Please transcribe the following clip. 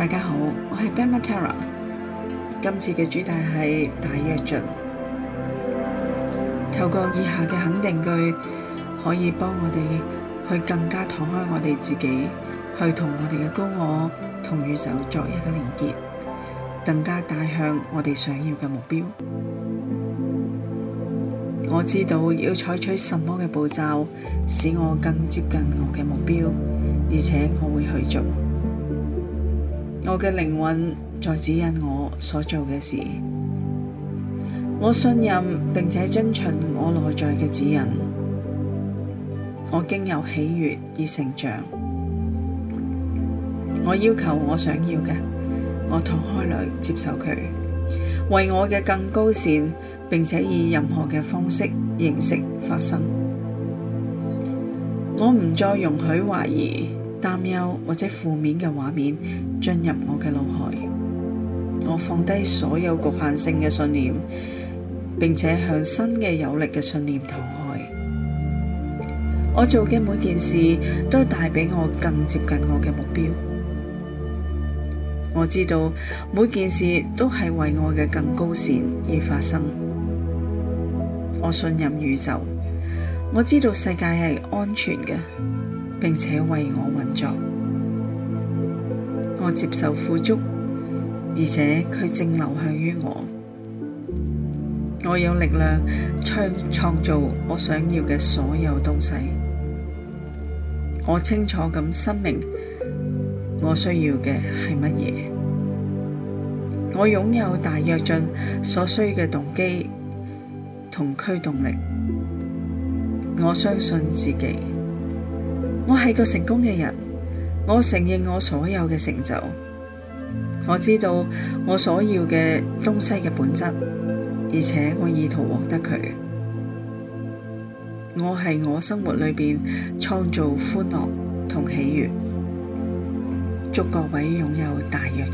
大家好，我係 Padma Tara。今次嘅主題係大躍進。透過以下嘅肯定句，可以幫我哋去更加敞開我哋自己，去同我哋嘅高我同宇宙作一個連結，更加帶向我哋想要嘅目標。我知道要採取什麼嘅步驟，使我更接近我嘅目標，而且我會去做。我嘅靈魂在指引我所做嘅事，我信任並且遵循我內在嘅指引，我經由喜悅而成長，我要求我想要嘅，我敞開來接受佢，為我嘅更高善，並且以任何嘅方式形式發生。我唔再容許懷疑、擔憂或者負面嘅畫面。進入我嘅腦海，我放低所有局限性嘅信念，並且向新嘅有力嘅信念敞開。我做嘅每件事都帶俾我更接近我嘅目標。我知道每件事都係為我嘅更高善而發生。我信任宇宙，我知道世界係安全嘅，並且為我運作。我接受富足，而且佢正流向於我。我有力量創造我想要嘅所有東西。我清楚咁聲明我需要嘅係乜嘢。我擁有大躍進所需嘅動機同驅動力。我相信自己，我係個成功嘅人。我承認我所有嘅成就，我知道我所要嘅東西嘅本質，而且我意圖獲得佢。我喺我生活裏面創造歡樂同喜悅。祝各位擁有大躍。